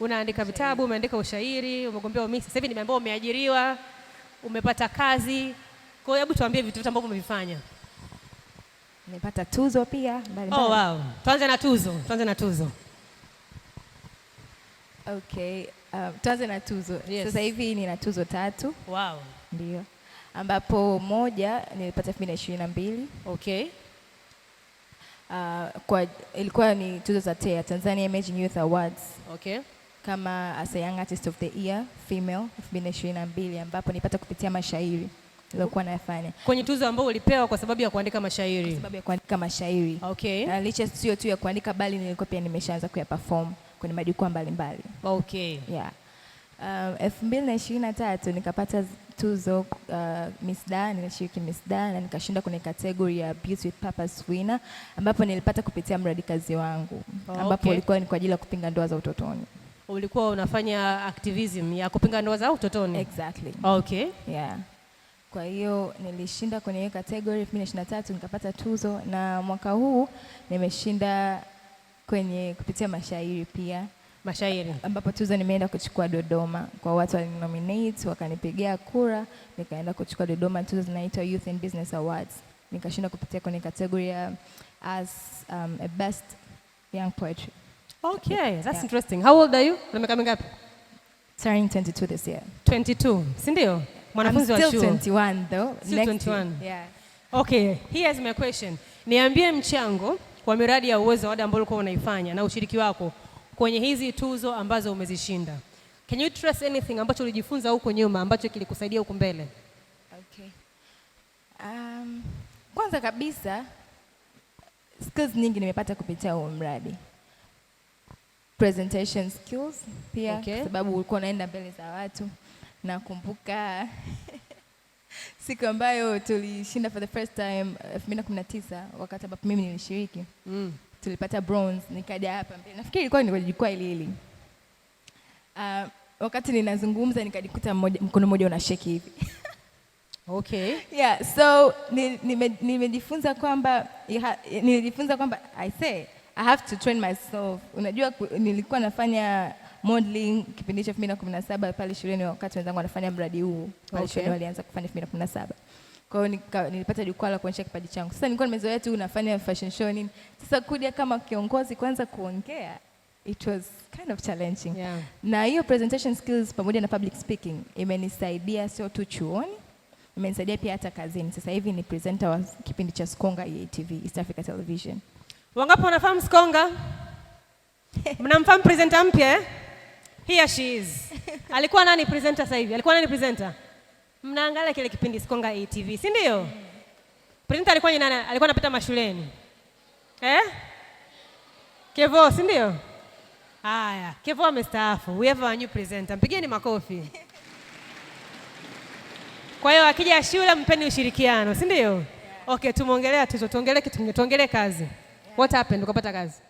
unaandika vitabu, umeandika ushairi, umegombea umisi, sasa hivi nimeambiwa umeajiriwa, umepata kazi. Kwa hiyo hebu tuambie vitu vyote ambavyo umevifanya. Nimepata tuzo pia mbali oh, mbali. Oh, wow. Tuanze na tuzo, tuanze na tuzo. Okay, um, tuanze na tuzo. Yes. Sasa hivi nina tuzo tatu. Wow. Ndio. Ambapo moja nilipata 2022. Okay. Uh, kwa ilikuwa ni tuzo za TEA Tanzania Emerging Youth Awards. Okay kama as a young artist of the year female 2022 ambapo nilipata kupitia mashairi nilikuwa nayafanya kwenye tuzo ambayo ulipewa kwa sababu ya kuandika mashairi. Kwa sababu ya kuandika mashairi. Okay. Na licha sio tu ya kuandika bali nilikuwa pia nimeshaanza kuyaperform kwenye majukwaa mbalimbali. Okay. Yeah. Um, tatu nikapata tuzo uh, Miss Da, nilishiriki Miss Da na nikashinda kwenye category ya Beauty with Purpose winner ambapo nilipata kupitia mradi kazi wangu ambapo okay, ulikuwa ni kwa ajili ya kupinga ndoa za utotoni ulikuwa unafanya activism ya kupinga ndoa za utotoni? Exactly. Okay. Yeah. Kwa hiyo nilishinda kwenye hiyo category 2023 nikapata tuzo, na mwaka huu nimeshinda kwenye kupitia mashairi pia mashairi ambapo tuzo nimeenda kuchukua Dodoma, kwa watu walinominate wakanipigia kura, nikaenda kuchukua Dodoma. Tuzo zinaitwa Youth and Business Awards, nikashinda kupitia kwenye kategoria as um, a best young poetry. Okay, that's yeah. interesting. How old are you? Miaka mingapi? Turning 22 this year. 22. Si Mwanafunzi wa chuo. I'm still 21 though. Still Next 21. Year. Yeah. Okay, here's my question. Niambie mchango wa miradi ya uwezo wada ambao ulikuwa unaifanya na ushiriki wako kwenye hizi tuzo ambazo umezishinda. Can you trace anything ambacho ulijifunza huko nyuma ambacho kilikusaidia huko mbele? Okay. Um, kwanza kabisa skills nyingi nimepata kupitia huo mradi presentation skills pia okay. sababu ulikuwa unaenda mbele za watu. Nakumbuka siku ambayo tulishinda for the first time 2019 eh, wakati ambapo mimi nilishiriki mm. Tulipata bronze, nikaja hapa mbele, nafikiri ilikuwa ni kwenye jukwaa hili Uh, wakati ninazungumza nikajikuta mkono mmoja unasheki hivi okay. Yeah, so ni nimejifunza kwamba nilijifunza kwamba I say I have to train myself. Unajua nilikuwa nafanya modeling kipindi cha 2017 pale shuleni, wakati wenzangu wanafanya mradi huu pale shuleni walianza kufanya 2017. Kwa hiyo nilipata jukwaa la kuonyesha kipaji changu. Sasa nilikuwa nimezoea tu nafanya fashion show nini. Sasa kuja kama kiongozi kwanza kuongea it was kind of challenging. Yeah. Na hiyo presentation skills pamoja na public speaking imenisaidia sio tu chuoni, imenisaidia pia hata kazini. Sasa hivi ni presenter wa kipindi cha Skonga EATV, East Africa Television. Wangapi wanafahamu Skonga? Mnamfahamu presenter mpya eh? Here she is. Alikuwa nani presenter sasa hivi? Alikuwa nani presenter? Mnaangalia kile kipindi Skonga ATV, si ndio? Presenter alikuwa ni nani? Alikuwa anapita mashuleni. Eh? Kevo, si ndio? Haya, Kevo amestaafu. We have a new presenter. Mpigeni makofi. Kwa hiyo akija shule mpeni ushirikiano, si ndio? Okay, tumeongelea tuzo, tuongelee kitu, tuongelee kazi. What happened? Ukapata kazi?